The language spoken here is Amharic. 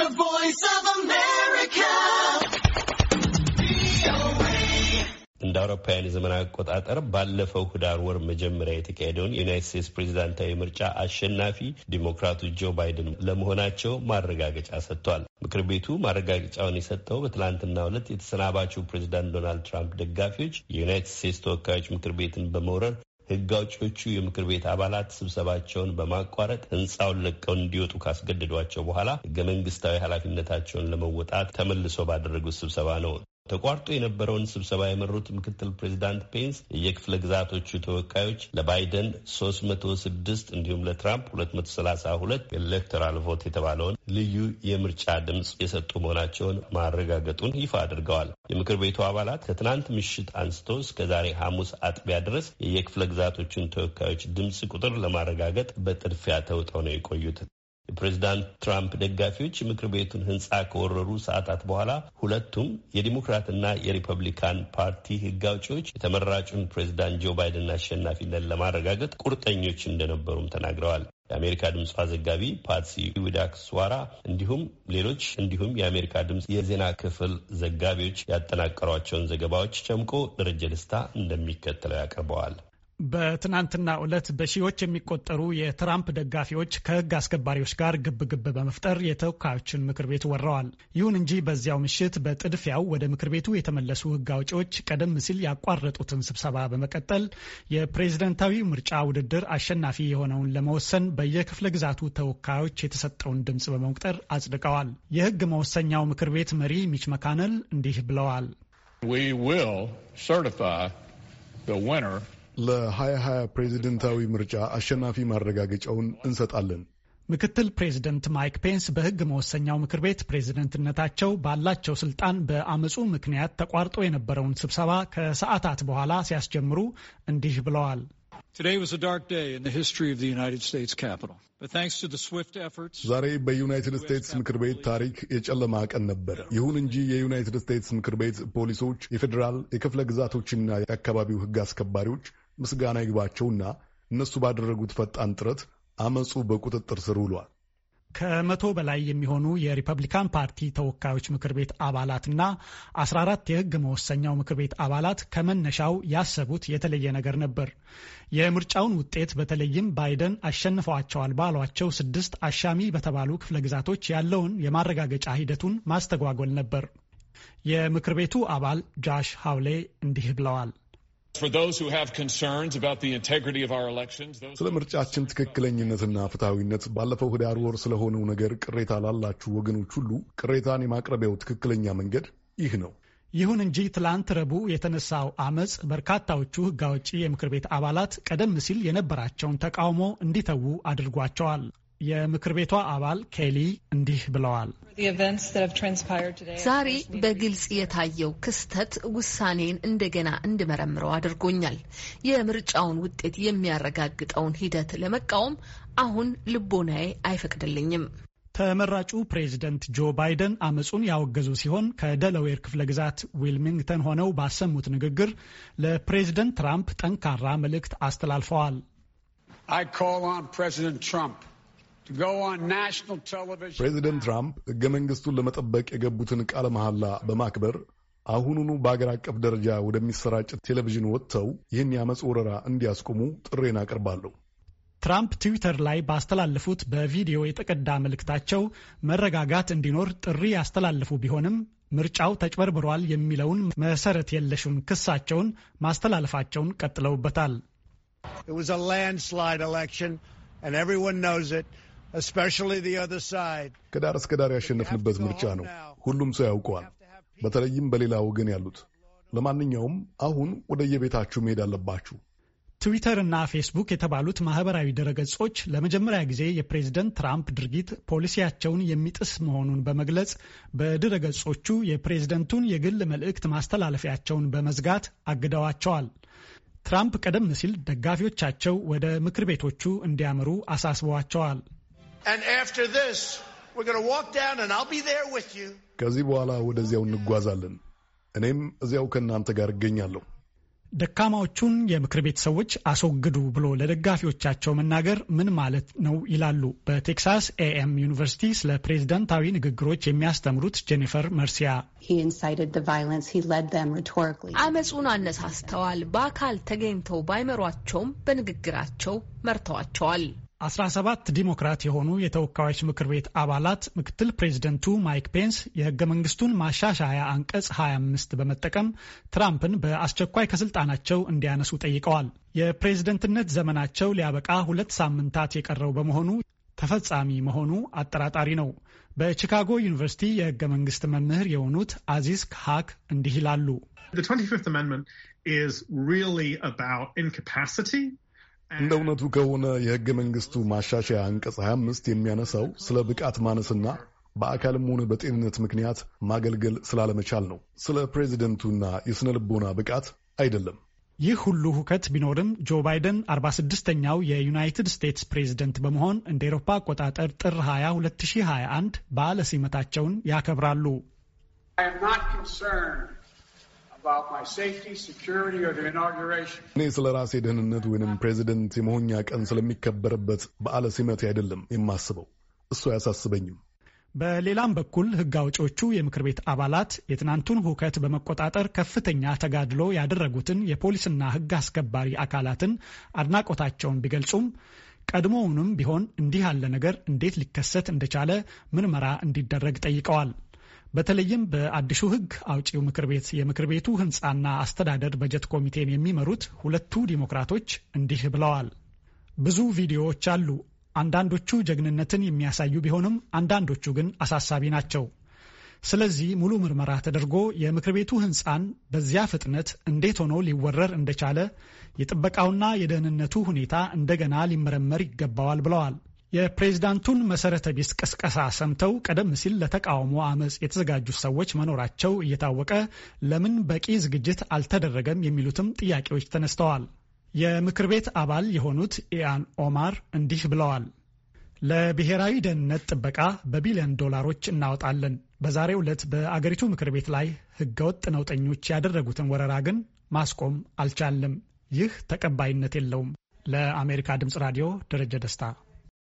The Voice of America. እንደ አውሮፓውያን የዘመን አቆጣጠር ባለፈው ህዳር ወር መጀመሪያ የተካሄደውን የዩናይት ስቴትስ ፕሬዚዳንታዊ ምርጫ አሸናፊ ዲሞክራቱ ጆ ባይደን ለመሆናቸው ማረጋገጫ ሰጥቷል። ምክር ቤቱ ማረጋገጫውን የሰጠው በትላንትናው ዕለት የተሰናባቸው ፕሬዚዳንት ዶናልድ ትራምፕ ደጋፊዎች የዩናይትድ ስቴትስ ተወካዮች ምክር ቤትን በመውረር ሕግ አውጪዎቹ የምክር ቤት አባላት ስብሰባቸውን በማቋረጥ ህንፃውን ለቀው እንዲወጡ ካስገደዷቸው በኋላ ህገ መንግስታዊ ኃላፊነታቸውን ለመወጣት ተመልሶ ባደረጉት ስብሰባ ነው ተቋርጦ የነበረውን ስብሰባ የመሩት ምክትል ፕሬዚዳንት ፔንስ የየክፍለ ግዛቶቹ ተወካዮች ለባይደን 306 እንዲሁም ለትራምፕ 232 ኤሌክቶራል ቮት የተባለውን ልዩ የምርጫ ድምፅ የሰጡ መሆናቸውን ማረጋገጡን ይፋ አድርገዋል። የምክር ቤቱ አባላት ከትናንት ምሽት አንስቶ እስከ ዛሬ ሐሙስ አጥቢያ ድረስ የየክፍለ ግዛቶቹን ተወካዮች ድምፅ ቁጥር ለማረጋገጥ በጥድፊያ ተውጠው ነው የቆዩት። የፕሬዚዳንት ትራምፕ ደጋፊዎች ምክር ቤቱን ህንፃ ከወረሩ ሰዓታት በኋላ ሁለቱም የዲሞክራትና የሪፐብሊካን ፓርቲ ህግ አውጪዎች የተመራጩን ፕሬዚዳንት ጆ ባይደን አሸናፊነት ለማረጋገጥ ቁርጠኞች እንደነበሩም ተናግረዋል። የአሜሪካ ድምፅ ዘጋቢ ፓትሲ ዊዳክስዋራ እንዲሁም ሌሎች እንዲሁም የአሜሪካ ድምፅ የዜና ክፍል ዘጋቢዎች ያጠናቀሯቸውን ዘገባዎች ጨምቆ ደረጀ ደስታ እንደሚከተለው ያቀርበዋል። በትናንትና ዕለት በሺዎች የሚቆጠሩ የትራምፕ ደጋፊዎች ከህግ አስከባሪዎች ጋር ግብግብ በመፍጠር የተወካዮችን ምክር ቤት ወረዋል። ይሁን እንጂ በዚያው ምሽት በጥድፊያው ወደ ምክር ቤቱ የተመለሱ ህግ አውጪዎች ቀደም ሲል ያቋረጡትን ስብሰባ በመቀጠል የፕሬዝደንታዊ ምርጫ ውድድር አሸናፊ የሆነውን ለመወሰን በየክፍለ ግዛቱ ተወካዮች የተሰጠውን ድምፅ በመቁጠር አጽድቀዋል። የህግ መወሰኛው ምክር ቤት መሪ ሚች መካነል እንዲህ ብለዋል። ለ2020 ፕሬዚደንታዊ ምርጫ አሸናፊ ማረጋገጫውን እንሰጣለን። ምክትል ፕሬዚደንት ማይክ ፔንስ በሕግ መወሰኛው ምክር ቤት ፕሬዝደንትነታቸው ባላቸው ስልጣን በአመፁ ምክንያት ተቋርጦ የነበረውን ስብሰባ ከሰዓታት በኋላ ሲያስጀምሩ እንዲህ ብለዋል። ዛሬ በዩናይትድ ስቴትስ ምክር ቤት ታሪክ የጨለማ ቀን ነበረ። ይሁን እንጂ የዩናይትድ ስቴትስ ምክር ቤት ፖሊሶች፣ የፌዴራል የክፍለ ግዛቶችና የአካባቢው ሕግ አስከባሪዎች ምስጋና ይግባቸውና እነሱ ባደረጉት ፈጣን ጥረት አመፁ በቁጥጥር ስር ውሏል። ከመቶ በላይ የሚሆኑ የሪፐብሊካን ፓርቲ ተወካዮች ምክር ቤት አባላትና 14 የህግ መወሰኛው ምክር ቤት አባላት ከመነሻው ያሰቡት የተለየ ነገር ነበር። የምርጫውን ውጤት በተለይም ባይደን አሸንፈዋቸዋል ባሏቸው ስድስት አሻሚ በተባሉ ክፍለ ግዛቶች ያለውን የማረጋገጫ ሂደቱን ማስተጓጎል ነበር። የምክር ቤቱ አባል ጃሽ ሀውሌ እንዲህ ብለዋል። ስለ ምርጫችን ትክክለኝነትና ፍትሐዊነት ባለፈው ህዳር ወር ስለሆነው ነገር ቅሬታ ላላችሁ ወገኖች ሁሉ ቅሬታን የማቅረቢያው ትክክለኛ መንገድ ይህ ነው። ይሁን እንጂ ትላንት ረቡዕ የተነሳው አመፅ በርካታዎቹ ህግ አውጪ የምክር ቤት አባላት ቀደም ሲል የነበራቸውን ተቃውሞ እንዲተዉ አድርጓቸዋል። የምክር ቤቷ አባል ኬሊ እንዲህ ብለዋል። ዛሬ በግልጽ የታየው ክስተት ውሳኔን እንደገና እንድመረምረው አድርጎኛል። የምርጫውን ውጤት የሚያረጋግጠውን ሂደት ለመቃወም አሁን ልቦናዬ አይፈቅድልኝም። ተመራጩ ፕሬዚደንት ጆ ባይደን አመፁን ያወገዙ ሲሆን ከደለዌር ክፍለ ግዛት ዊልሚንግተን ሆነው ባሰሙት ንግግር ለፕሬዚደንት ትራምፕ ጠንካራ መልእክት አስተላልፈዋል። I call on President Trump. ፕሬዚደንት ትራምፕ ሕገ መንግሥቱን ለመጠበቅ የገቡትን ቃለ መሐላ በማክበር አሁኑኑ በአገር አቀፍ ደረጃ ወደሚሰራጭ ቴሌቪዥን ወጥተው ይህን የአመፅ ወረራ እንዲያስቆሙ ጥሬን አቀርባለሁ። ትራምፕ ትዊተር ላይ ባስተላለፉት በቪዲዮ የተቀዳ መልእክታቸው መረጋጋት እንዲኖር ጥሪ ያስተላለፉ ቢሆንም ምርጫው ተጭበርብሯል የሚለውን መሰረት የለሹን ክሳቸውን ማስተላለፋቸውን ቀጥለውበታል። ከዳር እስከ ዳር ያሸነፍንበት ምርጫ ነው። ሁሉም ሰው ያውቀዋል፣ በተለይም በሌላ ወገን ያሉት። ለማንኛውም አሁን ወደ የቤታችሁ መሄድ አለባችሁ። ትዊተር እና ፌስቡክ የተባሉት ማህበራዊ ድረገጾች ለመጀመሪያ ጊዜ የፕሬዝደንት ትራምፕ ድርጊት ፖሊሲያቸውን የሚጥስ መሆኑን በመግለጽ በድረገጾቹ የፕሬዝደንቱን የግል መልእክት ማስተላለፊያቸውን በመዝጋት አግደዋቸዋል። ትራምፕ ቀደም ሲል ደጋፊዎቻቸው ወደ ምክር ቤቶቹ እንዲያመሩ አሳስበዋቸዋል። ከዚህ በኋላ ወደዚያው እንጓዛለን። እኔም እዚያው ከእናንተ ጋር እገኛለሁ። ደካማዎቹን የምክር ቤት ሰዎች አስወግዱ ብሎ ለደጋፊዎቻቸው መናገር ምን ማለት ነው ይላሉ በቴክሳስ ኤኤም ዩኒቨርሲቲ ስለ ፕሬዝደንታዊ ንግግሮች የሚያስተምሩት ጄኒፈር መርሲያ። አመፁን አነሳስተዋል። በአካል ተገኝተው ባይመሯቸውም በንግግራቸው መርተዋቸዋል። 17 ዲሞክራት የሆኑ የተወካዮች ምክር ቤት አባላት ምክትል ፕሬዚደንቱ ማይክ ፔንስ የህገ መንግስቱን ማሻሻያ አንቀጽ 25 በመጠቀም ትራምፕን በአስቸኳይ ከስልጣናቸው እንዲያነሱ ጠይቀዋል። የፕሬዝደንትነት ዘመናቸው ሊያበቃ ሁለት ሳምንታት የቀረው በመሆኑ ተፈጻሚ መሆኑ አጠራጣሪ ነው። በቺካጎ ዩኒቨርሲቲ የህገ መንግስት መምህር የሆኑት አዚዝ ክሃክ እንዲህ ይላሉ። እንደ እውነቱ ከሆነ የሕገ መንግሥቱ ማሻሻያ አንቀጽ 25 የሚያነሳው ስለ ብቃት ማነስና በአካልም ሆነ በጤንነት ምክንያት ማገልገል ስላለመቻል ነው። ስለ ፕሬዚደንቱና የሥነ ልቦና ብቃት አይደለም። ይህ ሁሉ ሁከት ቢኖርም ጆ ባይደን 46ኛው የዩናይትድ ስቴትስ ፕሬዚደንት በመሆን እንደ ኤሮፓ አቆጣጠር ጥር 20 2021 በዓለ ሲመታቸውን ያከብራሉ። እኔ ስለ ራሴ ደህንነት ወይንም ፕሬዚደንት የመሆኛ ቀን ስለሚከበርበት በዓለ ሲመት አይደለም የማስበው፣ እሱ አያሳስበኝም። በሌላም በኩል ሕግ አውጪዎቹ የምክር ቤት አባላት የትናንቱን ሁከት በመቆጣጠር ከፍተኛ ተጋድሎ ያደረጉትን የፖሊስና ሕግ አስከባሪ አካላትን አድናቆታቸውን ቢገልጹም ቀድሞውንም ቢሆን እንዲህ ያለ ነገር እንዴት ሊከሰት እንደቻለ ምርመራ እንዲደረግ ጠይቀዋል። በተለይም በአዲሱ ህግ አውጪው ምክር ቤት የምክር ቤቱ ህንፃና አስተዳደር በጀት ኮሚቴን የሚመሩት ሁለቱ ዲሞክራቶች እንዲህ ብለዋል። ብዙ ቪዲዮዎች አሉ። አንዳንዶቹ ጀግንነትን የሚያሳዩ ቢሆንም አንዳንዶቹ ግን አሳሳቢ ናቸው። ስለዚህ ሙሉ ምርመራ ተደርጎ የምክር ቤቱ ህንፃን በዚያ ፍጥነት እንዴት ሆኖ ሊወረር እንደቻለ የጥበቃውና የደህንነቱ ሁኔታ እንደገና ሊመረመር ይገባዋል ብለዋል። የፕሬዝዳንቱን መሰረተ ቢስ ቅስቀሳ ሰምተው ቀደም ሲል ለተቃውሞ አመፅ የተዘጋጁት ሰዎች መኖራቸው እየታወቀ ለምን በቂ ዝግጅት አልተደረገም የሚሉትም ጥያቄዎች ተነስተዋል። የምክር ቤት አባል የሆኑት ኢያን ኦማር እንዲህ ብለዋል። ለብሔራዊ ደህንነት ጥበቃ በቢሊዮን ዶላሮች እናወጣለን። በዛሬው ዕለት በአገሪቱ ምክር ቤት ላይ ህገወጥ ነውጠኞች ያደረጉትን ወረራ ግን ማስቆም አልቻለም። ይህ ተቀባይነት የለውም። ለአሜሪካ ድምፅ ራዲዮ ደረጀ ደስታ